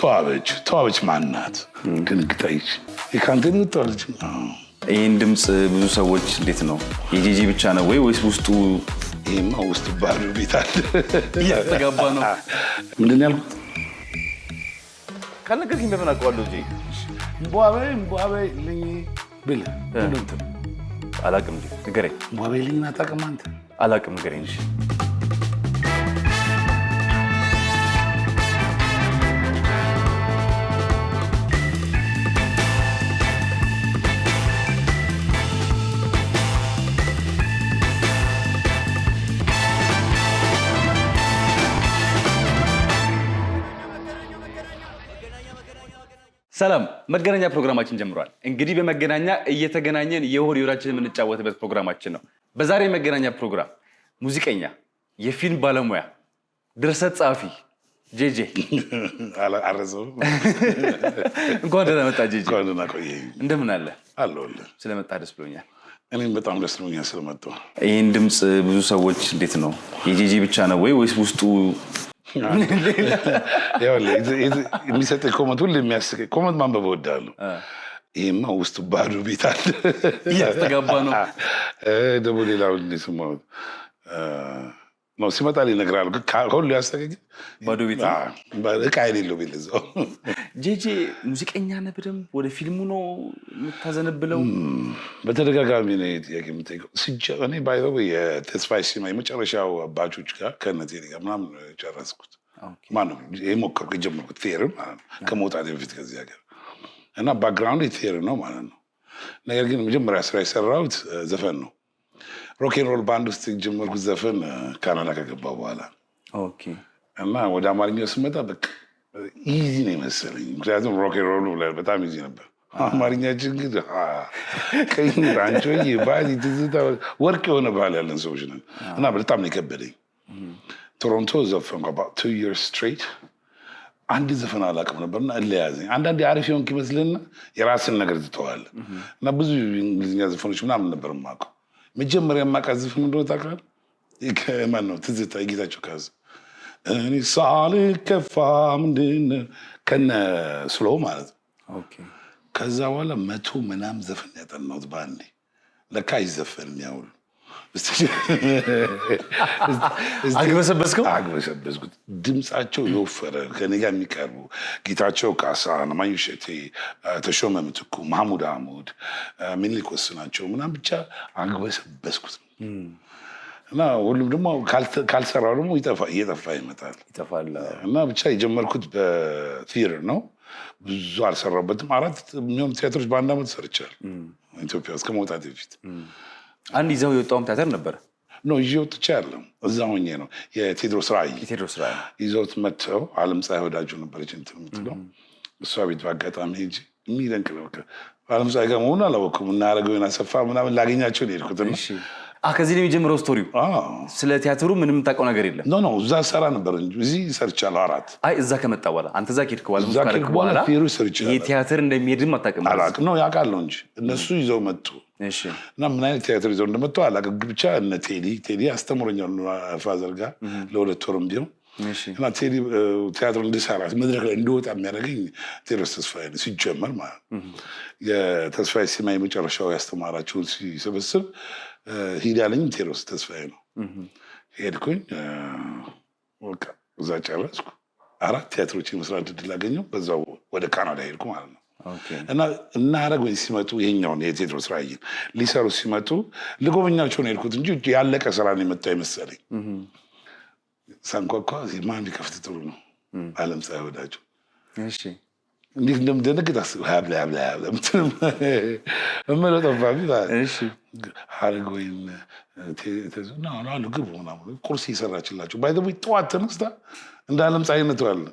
ተዋበች። ተዋበች ማናት? ደንግጣች የካንቴን የምትዋለች። ይህን ድምፅ ብዙ ሰዎች እንዴት ነው የጄጄ ብቻ ነው ወይ ወይስ ውስጡ ይህማ ውስጥ ባሉ ቤት አለ እያስተጋባ ነው። ምንድን ያልኩት ካልነገርክ እንደምን አውቀዋለሁ እ እንቧበይ እንቧበይ ልኝ ብል አላቅም። ንገረኝ። እንቧበይ ልኝ አታውቅም አንተ? አላቅም። ንገረኝ። ሰላም መገናኛ ፕሮግራማችን ጀምሯል። እንግዲህ በመገናኛ እየተገናኘን የሆድ የሆዳችን የምንጫወትበት ፕሮግራማችን ነው። በዛሬ የመገናኛ ፕሮግራም ሙዚቀኛ፣ የፊልም ባለሙያ፣ ድርሰት ጸሐፊ ጄጄ አረዘው እንኳን ደህና መጣ ጄጄ። እንደምን አለ ስለመጣ ደስ ብሎኛል። እኔም በጣም ደስ ብሎኛል ይህን ድምፅ ብዙ ሰዎች እንዴት ነው የጄጄ ብቻ ነው ወይ ወይስ ውስጡ የሚሰጥህ ኮመንት ሁሌ የሚያስቅ ኮመንት ማንበብ እወዳለሁ። ይህማ ውስጡ ባዶ ቤት አለ እያስተጋባ ነው ደግሞ ሌላ ነው ሲመጣ ሊነግራል። ሁሉ ሊያስተገኝ ባዶ ቤት እቃ የሌለው ቤት እዛው። ጄጄ ሙዚቀኛ ነህ በደምብ ወደ ፊልሙ ነው የምታዘነብለው? በተደጋጋሚ ነው ጥያቄ የምጠይቀው። እኔ ባይዘው የተስፋዬ ሲማ የመጨረሻው አባቾች ጋር ከነቴ ጋር ምናምን ጨረስኩት። ማነው የሞከርኩት የጀመርኩት ቴር ማለት ነው ከመውጣት በፊት ከዚህ ሀገር እና ባክግራውንድ ቴር ነው ማለት ነው። ነገር ግን መጀመሪያ ስራ የሰራሁት ዘፈን ነው ሮኬን ሮል ባንድ ውስጥ ጀመርኩ ዘፈን ካናዳ ከገባ በኋላ እና ወደ አማርኛው ስመጣ በቃ ኢዚ ነው የመሰለኝ። ምክንያቱም ሮኬን ሮሉ በጣም ኢዚ ነበር። አማርኛችን ግን ቀኝ አንቾዬ ባዚ ትዝታ ወርቅ የሆነ ባህል ያለን ሰዎች ነን እና በጣም ነው የከበደኝ። ቶሮንቶ ዘፈንኩ ቱ ይርስ ስትሬት አንድ ዘፈን አላውቅም ነበርና እለያዘኝ። አንዳንድ አሪፍ የሆንክ ይመስልና የራስን ነገር ትተዋል እና ብዙ እንግሊዝኛ ዘፈኖች ምናምን ነበር የማውቀው መጀመሪያ የማቃዝፍ ምንድነው ታውቃለህ? ማን ነው ትዝታ የጌታቸው ካዝ እኔ ሳልከፋ ምንድን ከነ ስሎ ማለት ነው። ከዛ በኋላ መቶ ምናም ዘፈን ያጠናሁት በአንዴ። ለካ አይዘፈንም ያውሉ አግበሰበስከው አግበሰበስኩት። ድምፃቸው የወፈረ ከኔ ጋር የሚቀርቡ ጌታቸው ካሳ፣ አለማየሁ እሸቴ፣ ተሾመ ምትኩ፣ ማህሙድ አህሙድ፣ ምኒልክ ወስናቸው ምናምን ብቻ አግበሰበስኩት እና ሁሉም ደግሞ ካልሰራው ደግሞ እየጠፋ ይመጣል እና ብቻ የጀመርኩት በቲየትር ነው። ብዙ አልሰራበትም። አራት የሚሆኑ ቲያትሮች በአንድ አመት ሰርቻል ኢትዮጵያ ውስጥ ከመውጣት በፊት አንድ ይዘው የወጣውም ቲያትር ነበር ኖ ይዤ ወጥቼ ያለው እዛ ሆኜ ነው። የቴድሮስ ራዕይ ቴዎድሮስ ራዕይ ይዘውት መጥተው አለም ፀሐይ ወዳጁ ነበረች እንትን የምትለው እሷ ቤት በአጋጣሚ ሄጅ የሚደንቅ ነው። አለም ፀሐይ ጋር መሆኑን አላወቅኩም። እናያረገው አሰፋ ምናምን ላገኛቸው ሄድኩት ከዚህ ነው የሚጀምረው ስቶሪው። ስለ ቲያትሩ ምንም የምታውቀው ነገር የለም? ነው እዛ ሰራ ነበር እንጂ እዚህ ሰርቻለሁ አራት። አይ እዛ ከመጣ በኋላ አንተ እዛ ከሄድክ በኋላ ቲያትር እንደሚሄድም አታውቅም? አላውቅም። ነው ያውቃለሁ እንጂ እነሱ ይዘው መጡ እና ምን አይነት ቲያትር ይዘው እንደመጡ አላውቅም። ብቻ እነ ቴዲ ቴዲ አስተምሮኛል ፋዘር ጋር ለሁለት ወርም ቢሆን እና ቴዲ ቲያትር እንድሰራ መድረክ ላይ እንድወጣ የሚያደርገኝ ቴዎድሮስ ተስፋዬ ነው ሲጀመር ማለት ነው። የተስፋዬ ሲማ የመጨረሻው ያስተማራቸውን ሲሰበስብ ሂዳለኝም ቴዎድሮስ ተስፋዬ ነው። ሄድኩኝ በቃ እዛ ጨረስኩ። አራት ቲያትሮች የመስራት እድል አገኘሁ። በዛው ወደ ካናዳ ሄድኩ ማለት ነው። እና እና አረጎኝ ሲመጡ ይሄኛውን የቴዎድሮስ ራዕይን ሊሰሩ ሲመጡ ልጎበኛቸው ነው የሄድኩት እንጂ ያለቀ ስራ ነው የመጣ የመሰለኝ። ሳንኳኳ ማን ቢከፍት ጥሩ ነው አለም ፀሐይ ወዳጁ እንዴት እንደምደነግጥ አስብ። ሀብላ ሀብላ ሀብላ ምትልም እምለው ቁርስ ይሰራችላቸው ባይ ደግሞ ተነስታ እንደ አለም ፀሐይ ነትራለ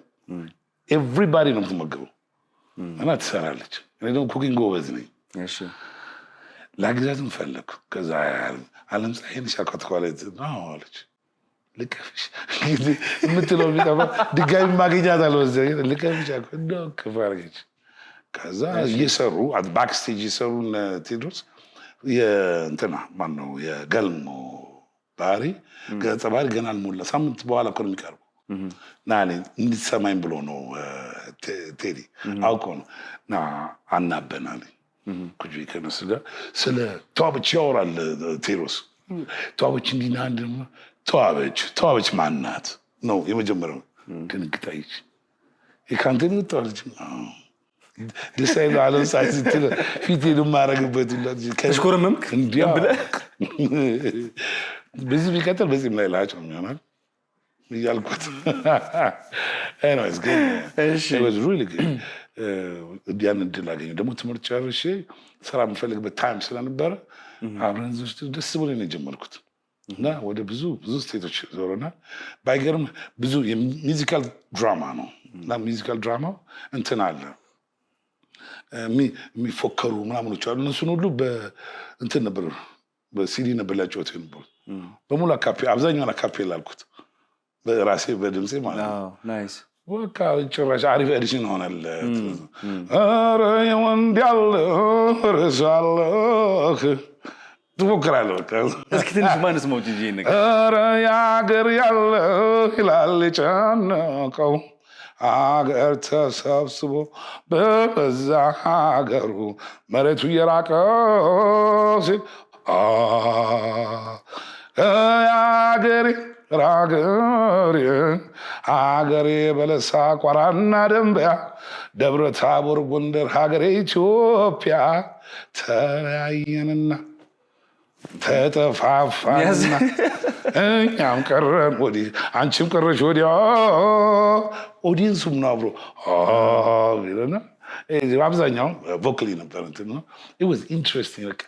ኤቭሪባዲ ነው የምትመገበው እና ትሰራለች። ደግሞ ኩኪንግ ጎበዝ ነኝ። ላግዛትም ፈለግኩ። ከዛ አለም ፀሐይን ሻኳትኳለት አለች ልቀፍሽ የምትለው ቢጠፋ ድጋሚ ማግኛት አልመሰለኝ። ልቀፍሽ እንደው ክፍ አድርገች። ከዛ እየሰሩ ባክስቴጅ እየሰሩ ቴድሮስ እንትና ማነው የገልሞ ባህሪ ገጸ ባህሪ ገና አልሞላ ሳምንት በኋላ እኮ ነው የሚቀርበው። ና እንድትሰማኝ ብሎ ነው ቴዲ አውቆ ነው ና አናበና አለኝ። ከነሱ ጋር ስለ ተዋበች ያወራል ቴድሮስ ተዋበች እንዲህ ተዋበች። ተዋበች ማናት ነው የመጀመሪያው። ድንግጣይች የካንተ የምትዋለች ደሳይ ለዓለም ሰዓት ስትል ፊት የማረግበት ሽኮርምም በዚህ ቢቀጥል በዚህ ላይ ላቸው የሚሆናል እያልኩት ያን እድል አገኘሁ። ደግሞ ትምህርት ጨርሼ ስራ የምፈልግበት ታይም ስለነበረ አብረን ደስ ብሎ ነው የጀመርኩት። እና ወደ ብዙ ብዙ ስቴቶች ዞረና ባይገርም ብዙ የሚዚካል ድራማ ነው እና ሚዚካል ድራማ እንትን አለ የሚፎከሩ ምናምኖች አሉ። እነሱን ሁሉ እንትን ነበር በሲዲ ነበር ላጫወት ነበር በሙሉ አካፔ አብዛኛውን አካፔላ ላልኩት በራሴ በድምፄ ማለት በቃ ጭራሽ አሪፍ ኤዲሽን ሆነለ ኧረ የወንድ ያለህ ርሳለህ ትሞክራለህ። በቃ እስኪ ትንሽ ማንስ መውጭ እ ነገር ኧረ የአገር ያለ ይላል የጨነቀው አገር ተሰብስቦ በበዛ ሀገሩ መሬቱ እየራቀው ሲል የአገሬ ራገሬ ሀገሬ በለሳ ቋራና ደንበያ ደብረ ታቦር ጎንደር ሀገሬ ኢትዮጵያ ተለያየንና ተጠፋፋን እኛም ቀረን ወዲህ አንቺም ቀረሽ ወዲያ ኦዲየንሱም ነው አብሮ ይለና አብዛኛውን ቮክሊ ነበር እንትን ነው ኢንትረስቲንግ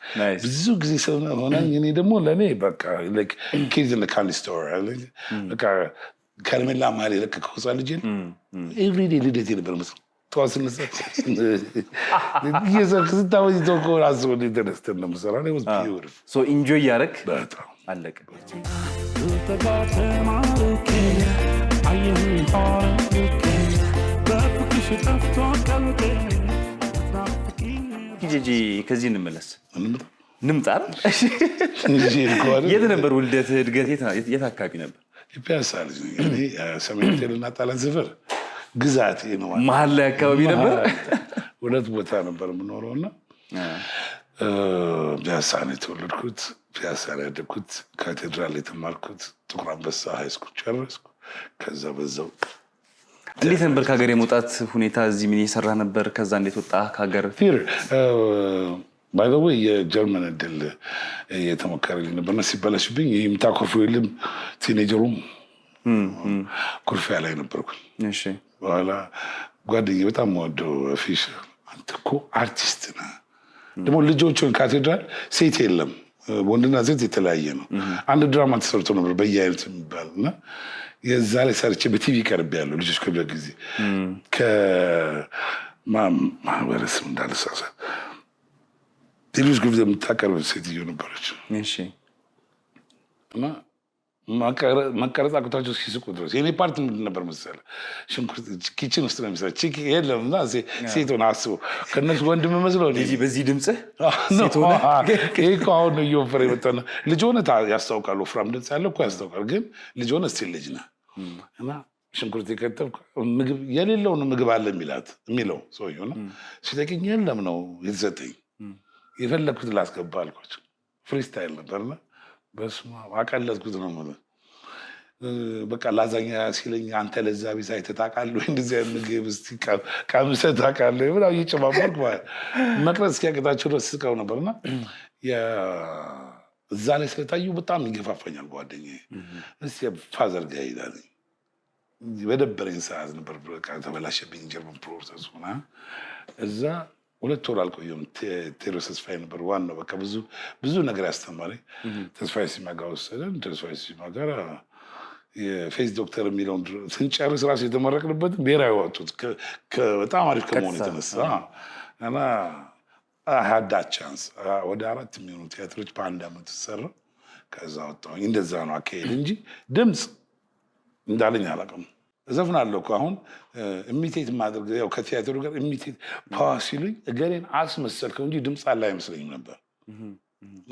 ብዙ ጊዜ ስለሆነ እኔ ደግሞ ለእኔ በቃ ኬዝ ለካሊስቶር hmm. በቃ ከረሜላ መሀል የለቀቀው ህፃን ልጅ ኤቭሪዴ ልደት ነበር መስለው ስታወ ራስ ወደ ተነስተን ነው የምሰራው። ሶ ኢንጆይ እያደረግ አለቀ። ጂጂ ከዚህ እንመለስ ንምጣ። የት ነበር ውልደት እድገት? የት አካባቢ ነበር? ሰሜን ጤልና ጣላት ዝፍር ግዛት ነው። መሀል ላይ አካባቢ ነበር፣ ሁለት ቦታ ነበር የምኖረው እና ፒያሳ ነው የተወለድኩት፣ ፒያሳ ነው ያደግኩት፣ ካቴድራል የተማርኩት፣ ጥቁር አንበሳ ሀይስኩል ጨረስኩ። ከዛ በዛው እንዴት ነበር ከሀገር የመውጣት ሁኔታ? እዚህ ምን የሰራ ነበር? ከዛ እንዴት ወጣ ከሀገር? ባይዘወ የጀርመን እድል የተሞከረልኝ ነበርና ሲበላሽብኝ ይህም ታኮርፎ የለም ቲኔጀሩም ኩርፊያ ላይ ነበርኩኝ። በኋላ ጓደኛዬ በጣም ወደው ፊሽ አንተ እኮ አርቲስት ነህ። ደግሞ ልጆቹን ካቴድራል ሴት የለም ወንድና ሴት የተለያየ ነው። አንድ ድራማ ተሰርቶ ነበር በየአይነት የሚባል እና የዛ ላይ ሰርቼ በቲቪ ቀርብ ያለው ልጆች ክብለ ጊዜ ከማህበረሰብ እንዳልሳሳ ሌሎች ግብ የምታቀርብ ሴትዮ ነበረች እና መቀረጽ አቅቷቸው ሲስቁ ድረስ የኔ ፓርት ምንድን ነበር መሰለህ? ሽንኩርት ኪችን ውስጥ ነው የሚሰራ ቺክ የለም እና ሴት ሆነ አስቡ ከእነሱ ወንድም መስለው በዚህ ድምፅህ ይህ አሁን እየወፈረ የመጣ ልጅ ሆነ ያስታውቃል፣ ወፍራም ድምፅ ያለው እኮ ያስታውቃል። ግን ልጅ ሆነ ስቲል ልጅ ነህ እና ሽንኩርት የከተብኩ ምግብ የሌለውን ምግብ አለ የሚላት የሚለው ሰውዬው ነው ሲጠቅኝ የለም ነው የተሰጠኝ የፈለግኩት ላስገባ አልኳቸው። ፍሪስታይል ነበርና በስማ አቀለጥኩት ነው የምልህ። በቃ ላዛኛ ሲለኝ አንተ ለዛ ቤት አይተህ ታውቃለህ ወይ? እንደዚህ አይነት ምግብ እስኪ ቀምሰህ ታውቃለህ ወይ? ምናምን እየጨማመርኩ መቅረት እስኪያቅታቸው ድረስ ስቀው ነበርና እዛ ላይ ስለታዩ በጣም ይገፋፋኛል ጓደኛዬ። እስኪ ፋዘር ጋር እሄዳለሁ። በደበረኝ ሰዓት ነበር ተበላሸብኝ ጀርመን ፕሮሰስ ሆና እዛ ሁለት ወር አልቆየም። ቴሮ ተስፋዬ ነበር ዋናው። በቃ ብዙ ብዙ ነገር ያስተማሪ ተስፋዬ ሲማጋ ወሰደን። ተስፋዬ ሲማጋ የፌስ ዶክተር የሚለውን ስንጨርስ ራሱ የተመረቅንበት ብሔራዊ ወጡት በጣም አሪፍ ከመሆኑ የተነሳ እና ሀዳ ቻንስ ወደ አራት የሚሆኑ ቲያትሮች በአንድ አመት ተሰራ። ከዛ ወጣሁኝ። እንደዛ ነው አካሄድ እንጂ ድምፅ እንዳለኝ አላውቅም። እዘፍናለሁ እኮ አሁን ኢሚቴት ማድረግ ያው ከቲያትሩ ጋር ኢሚቴት ፓዋ ሲሉኝ እገሌን አስመሰልከው እንጂ ድምፅ አለ አይመስለኝም ነበር።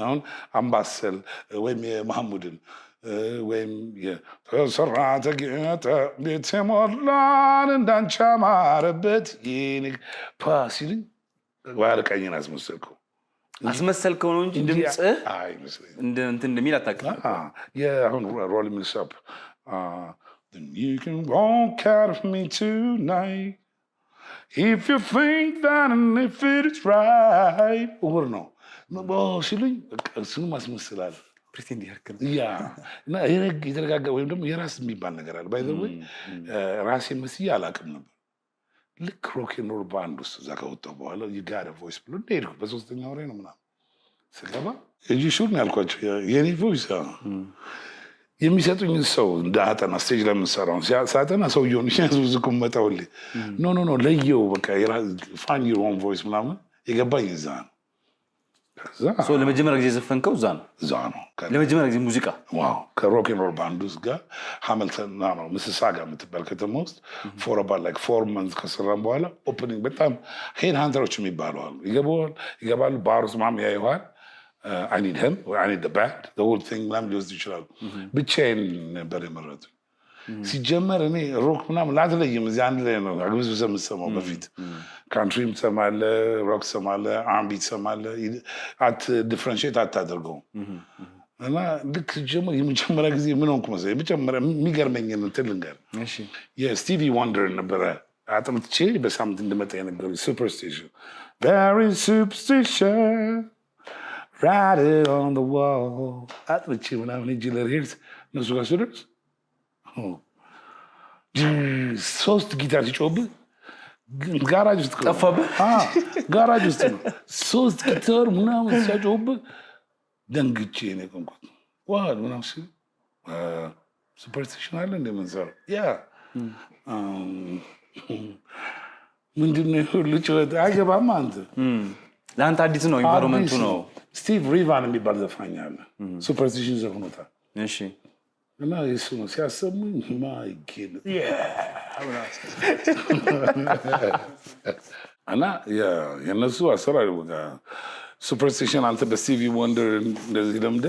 አሁን አምባሰል ወይም የማህሙድን ወይም የስራተ ጌጠ ቤት የሞላን እንዳንቺ አማረበት ይህ ፓዋ ሲሉኝ ባለቀኝን አስመሰልከው አስመሰልከው ነው እንጂ ድምፅ እንደሚል አታውቅም። አሁን ሮል ሚልሶፕ then you can walk out of me tonight. If you think that and if is right. ውር ነው ሲሉኝ እሱንም አስመስላል እና የተረጋጋ ወይም ደግሞ የራስ የሚባል ነገር አለ። ባይዘወ ራሴ መስዬ አላውቅም ነበር። ልክ ሮኬኖር ባንድ ውስጥ እዛ በኋላ ቮይስ ብሎ በሶስተኛ ወሬ ነው ምናምን ስገባ እጅ ሹር ነው ያልኳቸው የኔ ቮይስ የሚሰጡኝ ሰው እንደ አጠና ስቴጅ ለምንሰራው ሳጠና ሰውየውን ያዝብዝኩ መጣውል ኖ ኖ ኖ ለየው በቃ ፋን ዩር ኦን ቮይስ ምናምን የገባኝ እዛ ነው። ለመጀመሪያ ጊዜ ዘፈንከው እዛ ነው እዛ ነው። ለመጀመሪያ ጊዜ ሙዚቃ ዋው ከሮክ ኤን ሮል ባንድ ውስጥ ጋር ሀመልተና ነው ምስሳ ጋር የምትባል ከተማ ውስጥ ፎር አባት ላይክ ፎር መንዝ ከሰራን በኋላ ኦፕኒንግ በጣም ሄድ ሃንተሮች የሚባለዋሉ አሉ። ይገባሉ ባሩስ ማም ምናምን ያየዋል አኒድ ህም ወይ አኒድ ባድ ሆል ቲንግ ምናምን ሊወስድ ይችላሉ። ብቻዬን ነበር የመረጡ ሲጀመር እኔ ሮክ ምናምን ላትለይም እዚህ አንድ ላይ ነው አግብዝብዘ የምትሰማው። በፊት ካንትሪም ትሰማለህ፣ ሮክ ትሰማለህ፣ አምቢ ትሰማለህ። አት ዲፍረንሽት አታደርገውም። እና ልክ ሲጀመር የመጀመሪያ ጊዜ ምን ሆንኩ መሰለኝ፣ የመጀመሪያ የሚገርመኝን እንትን ልንገርህ፣ የስቲቪ ዋንደር ነበረ አጥምትቼ በሳምንት እንድመጣ የነገሩ ሱፐርስቲሽን ቨሪ ሱፐርስቲሽን write it on the wall አጥብቼ ምናምን እጅ ለርሄድ እነሱ ጋር ስደርስ ሶስት ጊታር ሲጮህብህ ጋራጅ ውስጥ ጠፋብህ። ጋራጅ ውስጥ ነው ሶስት ጊታር ምናምን ሲያጮህብህ ደንግጬ ነው የቆምኩት። ዋል ምናምን ሲሉ ሱፐርስቲሽን አለ እንደምንሰራው ያ ምንድን ነው ሁሉ አይገባም አንተ ለአንተ አዲስ ነው ኢንቫይሮመንቱ ነው። ስቲቭ ሪቫን የሚባል ዘፋኝ አለ ሱፐርስቲሽን ዘፍኖታል። እሺ እና እሱ ነው ሲያሰሙኝ ማይጌል እና የነሱ አሰራር ሱፐርስቲሽን አንተ በስቲቪ ወንደር እንደዚህ ለምደ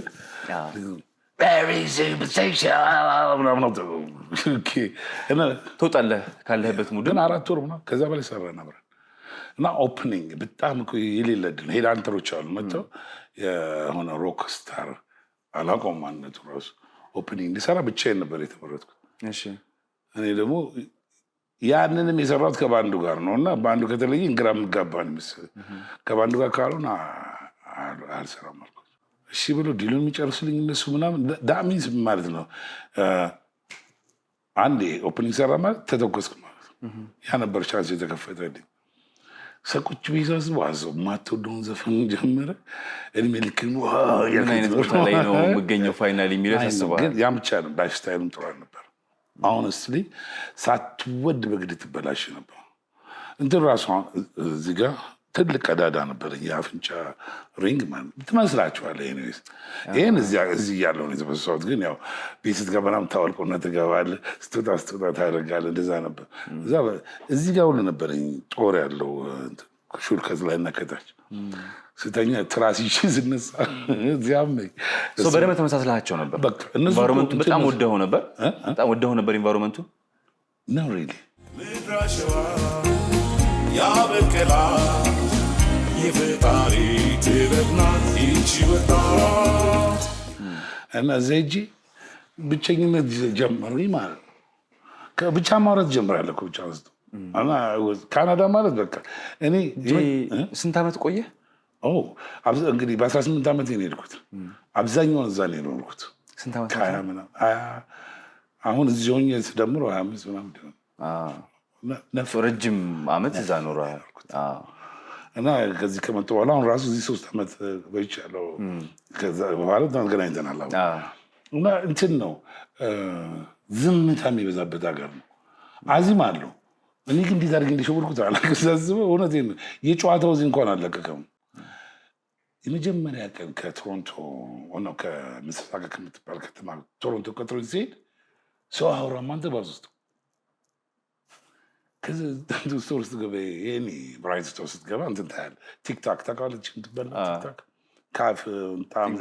ትወጣለህ ካለህበት ሙድ። አራት ወር ከዛ በላይ ሰራ ነበር። እና ኦፕኒንግ በጣም የሌለ ድል ሄዳንተሮች አሉ መጥተው የሆነ ሮክ ስታር አላቆም ማንነቱ ራሱ ኦፕኒንግ እንዲሰራ ብቻዬን ነበር የተመረጥኩት። እኔ ደግሞ ያንንም የሰራት ከባንዱ ጋር ነው እና በአንዱ ከተለየ እንግራ የምጋባን ነው ከባንዱ ጋር ካልሆነ አልሰራም አልኩት። እሺ ብሎ ዲሉን የሚጨርሱልኝ እነሱ ምናምን ዳሚንስ ማለት ነው። አንዴ ኦፕኒንግ ሰራ ማለት ተተኮስክ ማለት ነው። ያ ነበር ቻንስ የተከፈተልኝ። ሰቆች ቤዛ ዝባዘው ማትወደውን ዘፈን ጀመረ። እድሜ ልክ ያልከት ነው የምገኘው ፋይናል የሚለው ያስባል። ያ ብቻ ነው። ላይፍስታይልም ጥሩ አልነበር። አሁን እስቲ ሳትወድ በግድ ትበላሽ ነበር እንትን ራሱ እዚህ ጋር ትልቅ ቀዳዳ ነበር፣ የአፍንጫ ሪንግ ማለት ትመስላችኋል። ይህን እዚህ ነው የተበሳት ግን ያው ቤት ስትገባ ምናምን ታወልቆና ትገባለህ፣ ስትወጣ ስትወጣ ታደርጋለህ። እንደዛ ነበር። እዚህ ጋር ሁሉ ነበረኝ ጦር ያለው ሹል ከላይና ከታች ስተኛ ትራስ ይዤ ስነሳ ዚያመኝ በደምብ ተመሳስላቸው ነበር። በጣም ወደኸው ነበር፣ በጣም ወደኸው ነበር ኢንቫይሮመንቱ ነው ሪሊ ምድራሸዋ ያበቅላ የፈጣሪ ጥበብ ናት ይቺ ወጣት እና ዘጂ ብቸኝነት ጀመረኝ ማለት ነው። ብቻ ማውራት ጀምራለሁ ብቻ አንስቶ ካናዳ ማለት በቃ እኔ ስንት ዓመት ቆየ? እንግዲህ በ18 ዓመት ነው የሄድኩት። አብዛኛውን እዛ ነው የኖርኩት። አሁን እዚህ ሆኜ ስደምሮ ሀያ አምስት ምናምን ረጅም ዓመት እዛ ኖረ እና ከዚህ ከመጡ በኋላ አሁን ራሱ እዚህ ሶስት ዓመት ቆይቻለሁ። ከዛ በኋላ ተገናኝተናል። እና እንትን ነው ዝምታ የሚበዛበት ሀገር ነው። አዚም አለው። እኔ ግን እንዴት አድርጌ እንደሸወድኩት አላውቅም። ሳስበው የጨዋታው እዚህ እንኳን አለቀቀም። የመጀመሪያ ቀን ከቶሮንቶ ሆነው ከምስራቅ ከምትባል ከተማ ቶሮንቶ ቀጥሮ ሲሄድ ሰው አውራ ማንተ ውስጥ ከዚ ስቶር ስትገበ የኔ ብራይት ስቶር ስትገባ እንትን ታያለህ። ቲክታክ ታውቃለች ምትበላ ቲክታክ ካፍ ጣም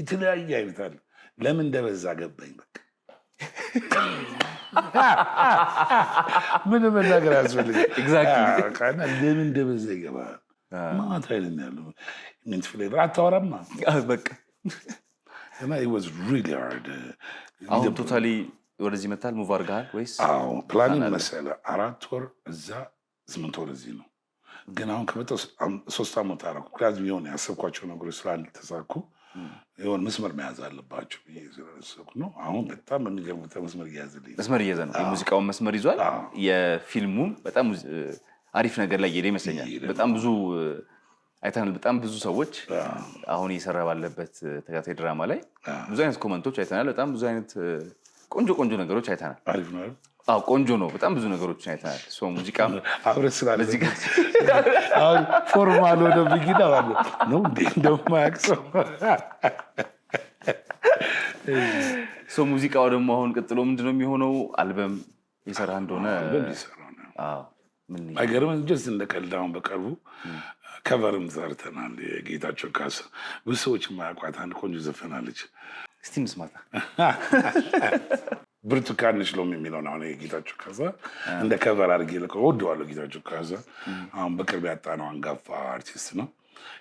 የተለያየ አይነት አለ። ለምን እንደበዛ ገባኝ። በቃ ምን መናገር አያስፈልግም። ለምን እንደበዛ ይገባ ማታ አይደለም ያለው ሚንት ፍሌቨር አታወራማ በቃ እና ኢት ዋዝ ሪሊ ሃርድ አሁን ቶታሊ ወደዚህ መታል ሙቭ አድርገሃል ወይስ? አዎ ፕላኒንግ መሰለ አራት ወር እዛ ስምንት ወር እዚህ ነው። ግን አሁን ከመጣሁ ሶስት አመት አደረኩ። ምክንያቱም የሆነ ያሰብኳቸው ነገሮች ስላልተሳኩ የሆነ መስመር መያዝ አለባቸው ስለረሰኩ ነው። አሁን በጣም በሚገርም መስመር እያያዘልኝ መስመር እያያዘ ነው። የሙዚቃውን መስመር ይዟል። የፊልሙም በጣም አሪፍ ነገር ላይ ሄደ ይመስለኛል። በጣም ብዙ አይተናል። በጣም ብዙ ሰዎች አሁን እየሰራ ባለበት ተከታታይ ድራማ ላይ ብዙ አይነት ኮመንቶች አይተናል። በጣም ብዙ አይነት ቆንጆ ቆንጆ ነገሮች አይተናል። አዎ ቆንጆ ነው። በጣም ብዙ ነገሮችን አይተናል። ሙዚቃ አብረን ስላለ ፎርማል ሆነ ብጊና ባለ ነው እንዴ እንደማያውቅ ሰው ሰው ሙዚቃው ደግሞ አሁን ቀጥሎ ምንድን ነው የሚሆነው? አልበም የሰራ እንደሆነ ነገርም ጀስ እንደቀልዳሁን በቀርቡ ከቨርም ሰርተናል። የጌታቸው ካሳ ብዙ ሰዎች የማያውቋት አንድ ቆንጆ ዘፈናለች እስቲ እንስማታ። ብርቱካን ሽሎም የሚለውን አሁን የጌታቸው ካዛ እንደ ከቨር አድርጌ ልቀው እወደዋለሁ። ጌታቸው ካዛ አሁን በቅርብ ያጣነው አንጋፋ አርቲስት ነው።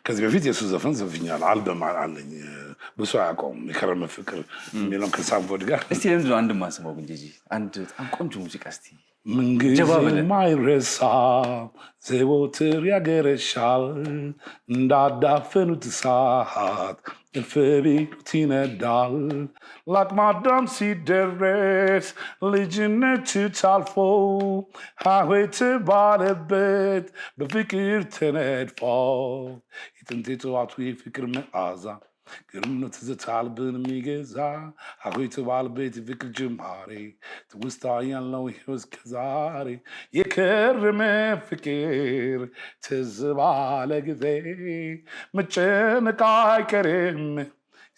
ከዚህ በፊት የእሱ ዘፈን ዘፍኛል። አልበም አለኝ ብሶ አያውቀውም። የከረመ ፍቅር የሚለውን ከሳምቦድ ጋር እስቲ ለምንድን አንድ ማስበው ግን ጂጂ አንድ በጣም ቆንጆ ሙዚቃ እስቲ ምንጊዜም ማይረሳ ዘወትር ያገረሻል እንዳዳፈኑት ሰዓት ፍሪዱት ይነዳል ላቅማዳም ሲደረስ ልጅነት ታልፎ ሀዌት ባለበት በፍቅር ተነድፎ የጥንት ጥዋቱ የፍቅር መዓዛ ግርምነት ዘታልብን የሚገዛ አሁቱ ባልቤት ፍቅር ጅማሬ ትውስታ ያለው ሕይወት ከዛሬ የከረመ ፍቅር ትዝ ባለ ጊዜ መጨነቅ አይቀርም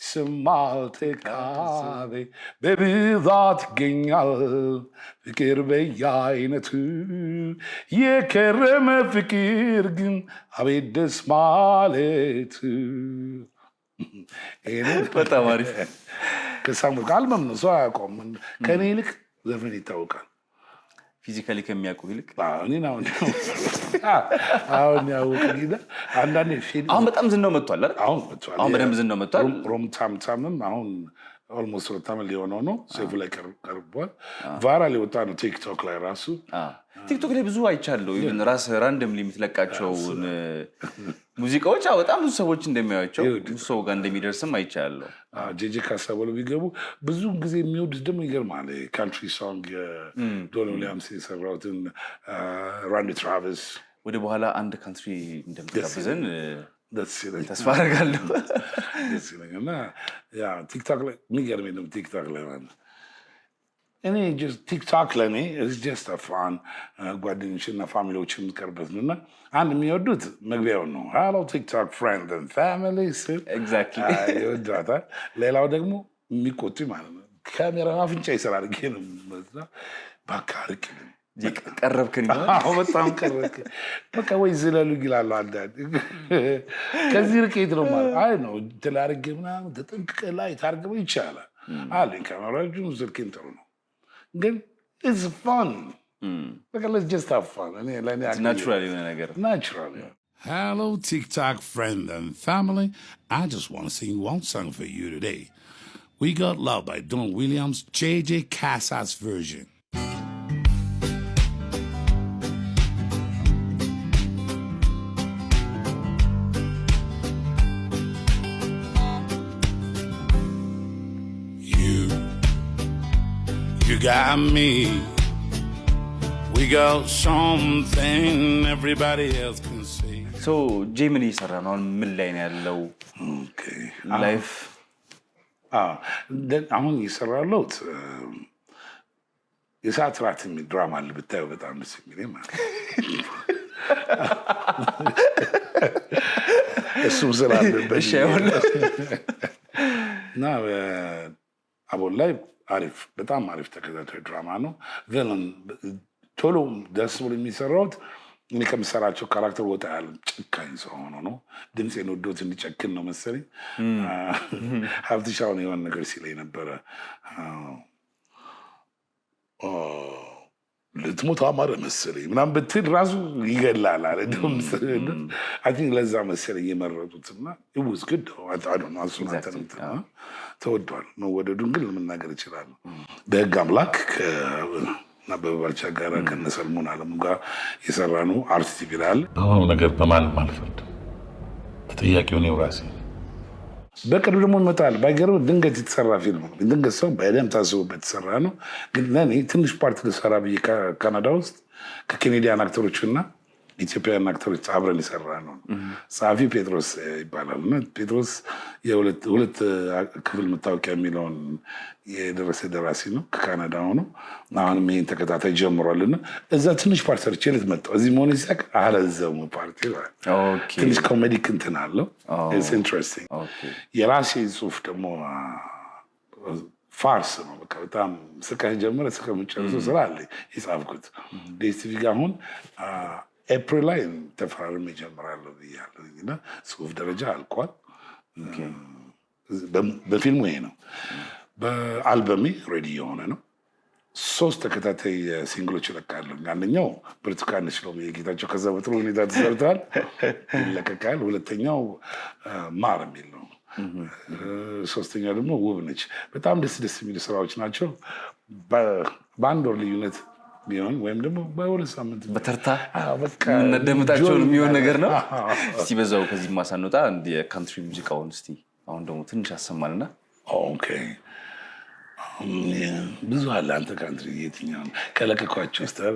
ይሰማል ትካዜ በብዛት ይገኛል ፍቅር በየአይነቱ የከረመ ፍቅር ግን አቤት ደስ ማለቱ በጣም አሪፍ ከሳሙ አልበም ነው። ሰው አያውቀውም። ከእኔ ይልቅ ዘፈን ይታወቃል። ፊዚካሊ ከሚያውቁ ይልቅ አሁን ያወቅ አንዳንዴ አሁን በጣም ዝናው መጥቷል። አይደል? አሁን መጥቷል። አሁን በደንብ ዝናው መጥቷል። ሮም ታም ታምታምም አሁን ኦልሞስት ሮታም ሊሆነው ነው። ሴፉ ላይ ቀርቧል። ቫራ ሊወጣ ነው ቲክቶክ ላይ ራሱ ቲክቶክ ላይ ብዙ አይቻለሁ። ግን ራስ ራንደም የሚትለቃቸውን ሙዚቃዎች በጣም ብዙ ሰዎች እንደሚያቸው ብዙ ሰው ጋር እንደሚደርስም አይቻለሁ። ጄጄ ካሳ ቢገቡ ብዙ ጊዜ የሚወዱት ደግሞ ይገርማል። ካንትሪ ሶንግ ዶን ዊሊያምስ የሰራሁትን ራንዲ ትራቨስ ወደ በኋላ አንድ ካንትሪ እንደምትጋብዘን ተስፋ አረጋለሁ ደስ ይለኛል እና ቲክቶክ ላይ የሚገርም ቲክቶክ ላይ ማለት እኔ ቲክቶክ ለእኔ ጀስት ፋን ጓደኞችና ፋሚሊዎች የምትቀርበት እና አንድ የሚወዱት መግቢያው ነው። ሃሎ ቲክቶክ ፍሬንድ ፋሚሊ ስል ሌላው ደግሞ የሚቆጡ ማለት ነው። ካሜራ አፍንጫ ይሰራል። ግን በቃ ርቅ ቀረብክን በጣም ቀረብክን። በቃ ወይ ዝለሉ ይላሉ አንዳንድ ከዚህ ርቄት ነው ማለት አይ ነው ትላርግ ምናምን ተጠንቅቀህ ላይ ታርገበ ይቻላል አለኝ። ካሜራዎቹ ስልኬን ጥሩ ነው then it's fun. Mm. let's just have fun. I mean, like, it's Naturally, even I get it. Naturally. yeah. Hello, TikTok friend and family. I just want to sing one song for you today. We Got Love by Don Williams, JJ Casas version. got me. We got something everybody else can see. So, Jamie is a millennial. Low. Okay. Life. Ah, then I'm going to a lot. It's writing me drama a little bit, I'm missing it. እሱም ስላለበት i አቦ ላይ አሪፍ በጣም አሪፍ ተከታታይ ድራማ ነው። ቪለን ቶሎ ደስ ብሎ የሚሰራውት እኔ ከምሰራቸው ካራክተር ወጣ ያለ ጨካኝ ሰው ሆኖ ነው። ድምፄን ወዶት እንዲጨክን ነው መሰለኝ። ሀብትሻውን የሆነ ነገር ሲለኝ ነበረ ልትሞት አማረ መሰለኝ ምናም ብትል ራሱ ይገላል አለ። ለዛ መሰለኝ የመረጡትና ውዝ ግድ ተወዷል። መወደዱን ግን ለመናገር ይችላሉ። በህግ አምላክ ከአበበ ባልቻ ጋር ከነሰልሞን አለሙ ጋር የሰራ ነው። አርቲስት ይላል ነገር በማንም አልፈርድም። ተጠያቂውን ራሴ በቅርብ ደግሞ ይመጣል። ባይገርም ድንገት የተሰራ ፊልም ነው። ድንገት ሰው በደም ታስቦበት የተሰራ ነው። ግን ትንሽ ፓርት ልሰራ ብዬ ካናዳ ውስጥ ከኬኔዲያን አክተሮች እና ኢትዮጵያውያን አክተሮች አብረን የሰራ ነው። ጸሐፊ ጴጥሮስ ይባላል እና ጴጥሮስ የሁለት ክፍል መታወቂያ የሚለውን የደረሰ ደራሲ ነው። ከካናዳ ሆኖ አሁንም ይህን ተከታታይ ጀምሯል እና እዛ ትንሽ ፓርቲ ሰርቼ ልት እዚህ መሆን ሲያቅ አለዘሙ ፓርቲ ትንሽ ኮሜዲክ እንትን አለው። ኢንትረስቲንግ የራሴ ጽሁፍ ደግሞ ፋርስ ነው። በቃ በጣም ስቀህ ጀምረ ስቀህ የምጨርሰው ስራ አለ የጻፍኩት ዴስቲቪ ጋር አሁን ኤፕሪል ላይ ተፈራርም ይጀምራለሁ ብያለሁ እና ጽሁፍ ደረጃ አልቋል። በፊልሙ ይሄ ነው። በአልበሜ ሬዲ የሆነ ነው። ሶስት ተከታታይ ሲንግሎች ይለቃሉ። አንደኛው ብርቱካን ችሎ የጌታቸው ከዛ በጥሩ ሁኔታ ተሰርተዋል ይለቀቃል። ሁለተኛው ማር የሚል ነው። ሶስተኛው ደግሞ ውብ ነች። በጣም ደስ ደስ የሚሉ ስራዎች ናቸው። በአንድ ወር ልዩነት ቢሆን ወይም ደግሞ በሁለ ሳምንት በተርታ የምናደምጣቸውን የሚሆን ነገር ነው። እስቲ በዛው ከዚህ ማሳንወጣ የካንትሪ ሙዚቃውን እስቲ አሁን ደግሞ ትንሽ አሰማንና ብዙ አለ አንተ ካንትሪ የትኛው ከለቀኳቸው ስተር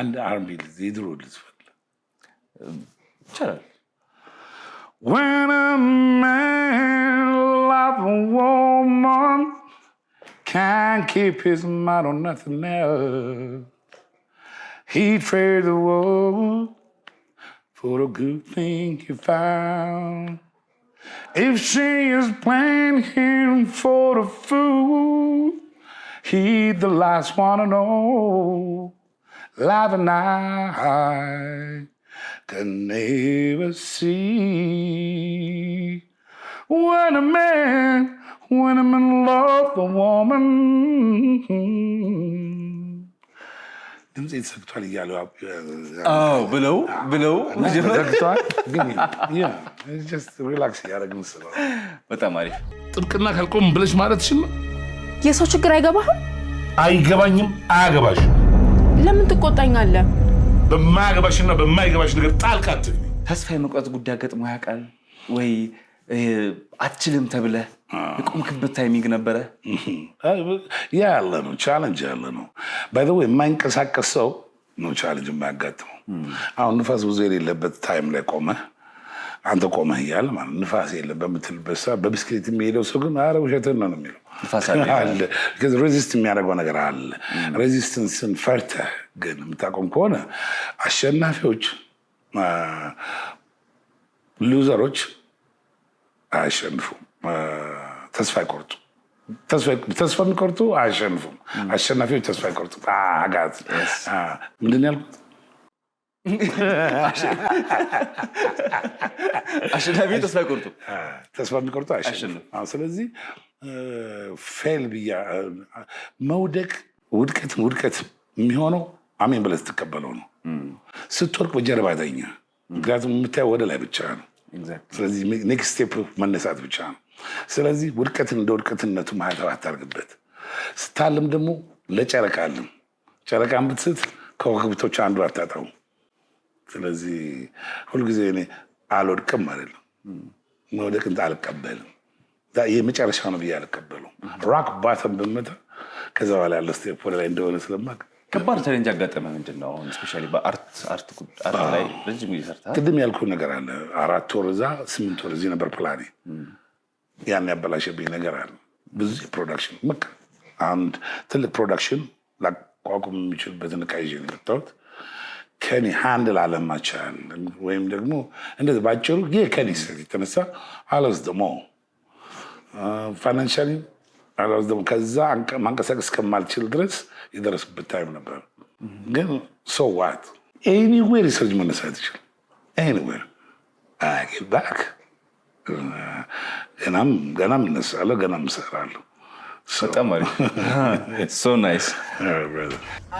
አንድ አርምቢ ልዝ የድሮ ልዝፈል ይቻላል When a man loves a woman Can't keep his mind on nothing else. He traded the world for the good thing he found. If she is playing him for the fool, he the last one to know. Live and I can never see when a man when I'm in love a woman ድምፅ የተሰብቷል እያሉ ብለው ብለው በጣም አሪፍ ጥብቅና ካልቆም ብለሽ ማለት ሽ የሰው ችግር አይገባህም። አይገባኝም። አያገባሽም። ለምን ትቆጣኛለህ? በማያገባሽና በማይገባሽ ነገር ጣልቃ አትግቢ። ተስፋ የመቁረጥ ጉዳይ ገጥሞ ያውቃል ወይ? አትችልም ተብለህ የቆምክበት ታይሚንግ ነበረ። ያ ያለ ነው ቻለንጅ ያለ ነው። ባይ ዘ ወይ የማይንቀሳቀስ ሰው ነው ቻለንጅ የማያጋጥመው። አሁን ንፋስ ብዙ የሌለበት ታይም ላይ ቆመህ አንተ ቆመህ እያለ ማለት ንፋስ የለም በምትልበት ሰዓት በብስክሌት የሚሄደው ሰው ግን አረ ውሸትህን ነው የሚለው። ሬዚስት የሚያደርገው ነገር አለ። ሬዚስተንስን ፈርተህ ግን የምታቆም ከሆነ አሸናፊዎች ሉዘሮች አያሸንፉም። ተስፋ ይቆርጡ ተስፋ የሚቆርጡ አያሸንፉም። አሸናፊዎች ተስፋ ይቆርጡ አጋት ምንድን ያልኩት? አሸናፊ ተስፋ ይቆርጡ ተስፋ የሚቆርጡ አያሸንፉም። ስለዚህ ፌል ብያ መውደቅ ውድቀት ውድቀት የሚሆነው አሜን ብለህ ስትቀበለው ነው። ስትወርቅ በጀርባ ተኛ። ምክንያቱም የምታየው ወደ ላይ ብቻ ነው። ስለዚህ ኔክስት ስቴፕ መነሳት ብቻ ነው። ስለዚህ ውድቀትን እንደ ውድቀትነቱ ማህተብ አታርግበት። ስታልም ደግሞ ለጨረቃ አልም። ጨረቃን ብትስት ከዋክብቶች አንዱ አታጣው። ስለዚህ ሁልጊዜ እኔ አልወድቅም አይደለም መውደቅን አልቀበልም። የመጨረሻ ነው ብዬ አልቀበሉም። ሮክ ባተም ብመታ ከዛ በኋላ ያለው ስቴፕ ወደ ላይ እንደሆነ ስለማቅ ከባድ ቻሌንጅ አጋጠመ ምንድን ነው? አሁን እስፔሻሊ በአርት አርት ላይ ረጅም ጊዜ ሰርተሃል። ቅድም ያልኩ ነገር አለ። አራት ወር እዛ፣ ስምንት ወር እዚህ ነበር ፕላኔ። ያን ያበላሸብኝ ነገር አለ። ብዙ የፕሮዳክሽን ምክ አንድ ትልቅ ፕሮዳክሽን ላቋቁም የሚችልበትን ዕቃ ይዤ ነው የመጣሁት። ከኔ ሀንድል አለማቻል ወይም ደግሞ እንደዚህ በአጭሩ ይህ ከኔ ስር የተነሳ አለስ ደሞ ፋይናንሻሊ አላወስደውም። ከዛ ማንቀሳቀስ ከማልችል ድረስ የደረስኩበት ታይም ነበር። ግን ሰዋት ኤኒዌር ሪሰርች መነሳት ይችል ኤኒዌር ባክ ገናም ገናም እነሳለሁ፣ ገናም እሰራለሁ። በጣም አሪፍ ሶ ናይስ።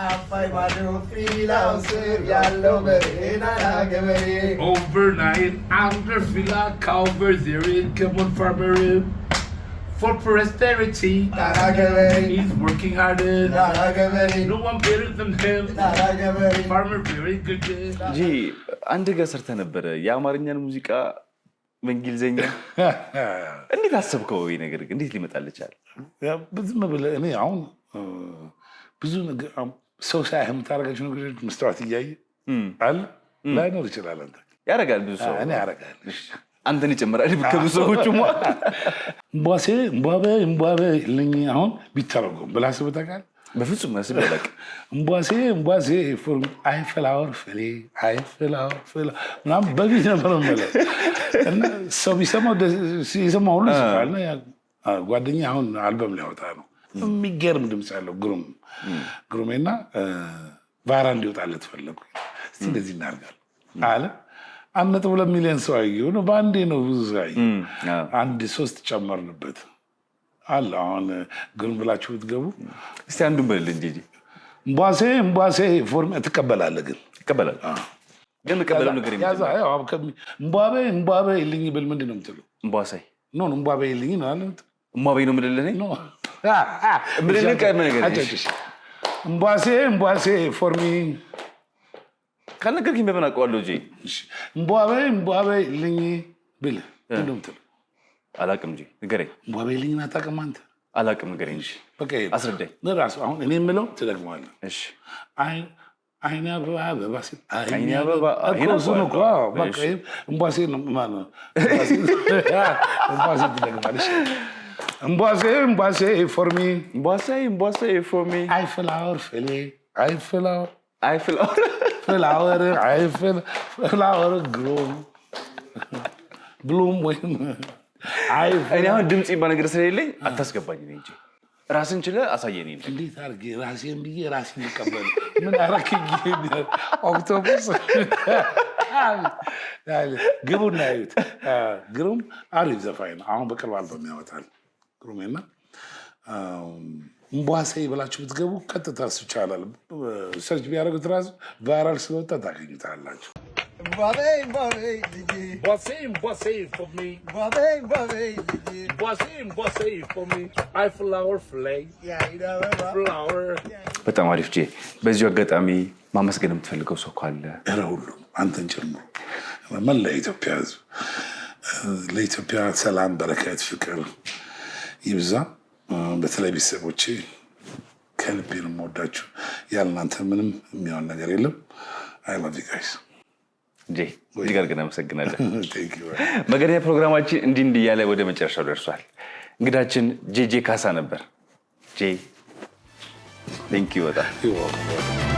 አባይ ማዶ ፊላው ስር ያለው በሬና ገበሬ ኦቨርናይት አንደር ፊላ ካውቨር ዜሬ ከሞን ፋርመሬ for prosperity. He's working harder. No one better than him. Farmer very good. ጂ አንድ ጋር ሰርተህ ነበረ የአማርኛን ሙዚቃ በእንግሊዝኛ እንዴት አሰብከው? ይሄ ነገር እንዴት ሊመጣልቻል? ዝም ብለህ እኔ አሁን ብዙ ሰው ሳያህ የምታደርጋቸው ነገሮች መስታወት እያየህ አለ ላይኖር ይችላል። አንተ ያደርጋል ብዙ ሰው እኔ ያደርጋል አንተን ይጨምራል ከብዙ ሰዎች እምቧሴ እምቧበ እምቧበ ለኝ አሁን ቢተረጎም ብላ አስበህ በፍጹም መስ ያለቅ እምቧሴ እምቧሴ አይ ፍላወር ፍሌ አይ ፍላወር ፍላ ምናምን በፊት ነበር መለስ ሰው ቢሰማው የሰማ ሁሉ ይስራል። ጓደኛ አሁን አልበም ሊያወጣ ነው። የሚገርም ድምፅ ያለው ግሩም ግሩሜና ቫራ እንዲወጣለት ፈለጉ። እስቲ እንደዚህ እናርጋል አለ አንድ ነጥብ ሁለት ሚሊዮን ሰው አየሁ ነው በአንዴ ነው ብዙ ሰው አየሁ። አንድ ሶስት ጨመርንበት አለ አሁን ግን ብላችሁ ብትገቡ እስቲ አንዱ በል እንጂ እምቧሴ እምቧሴ ፎርም ትቀበላለህ ግን ይቀበላል ግን መቀበለው ነገር እምቧቤ እምቧቤ ይልኝ ብል ምንድን ነው የምትለው? እምቧሳይ ኖ እምቧቤ ይልኝ ነው አለ እምቧቤ ነው ምልልህ ምልልህ ቀመ ነገር እምቧሴ እምቧሴ ፎርሚ ካልነገርከኝ በምን አውቀዋለሁ? እንጂ እምቧ በይ እምቧ በይልኝ ብልህ ምንድን ነው ንገረኝ። እምቧ በይልኝን አታውቅም አንተ? አላውቅም ንገረኝ አስረዳኝ። እራሱ አሁን እኔ የምለው ትደግመዋለህ። እሺ አበባ አበባ ሲል አይኔ አበባ እኮ እሱ ነው እኮ በቃ እምቧ ነው ማነው እምቧ ሲል ትደግማለሽ። እምቧሴ እምቧሴ ፎርሚ እምቧሴ እምቧሴ ፎርሚ አይ ፍላወር ፍሌ አይ ፍላወር አይ ፍላወር ፍላወር ዓይፍ ፍላወር ግሩም ብሉም ወይም ዓይፍ እኔ አሁን ድምፅ በነገር ስለሌለኝ አታስገባኝ እንጂ ራስን ችለ አሳየን። እንዴት አድርጌ ራሴን ብዬ ራሴን ልቀበል ምን አረክ ኦክቶቡስ ግቡ እናያዩት። ግሩም አሪፍ ዘፋኝ ነው። አሁን በቅርብ አልበም ያወጣል ግሩሜና እምቧሳዬ ብላችሁ ብትገቡ ቀጥታ ስቻላል ሰርች ቢያደርጉት ራሱ ቫይራል ስለወጣ ታገኙታላችሁ። በጣም አሪፍ ጄ። በዚሁ አጋጣሚ ማመስገን የምትፈልገው ሰው ካለ? ኧረ ሁሉም አንተን ጨምሮ መላ የኢትዮጵያ ለኢትዮጵያ ሰላም፣ በረከት፣ ፍቅር ይብዛ። በተለይ ቤተሰቦቼ ከልቤ ነው የምወዳችሁ። ያለ እናንተ ምንም የሚሆን ነገር የለም። አይ ላቭ ዩ ጋይስ። እጅግ አድርገን አመሰግናለን። መገናኛ ፕሮግራማችን እንዲህ እንዲህ እያለ ወደ መጨረሻው ደርሷል። እንግዳችን ጄጄ ካሳ ነበር። ጄ ቴንክ ዩ በጣም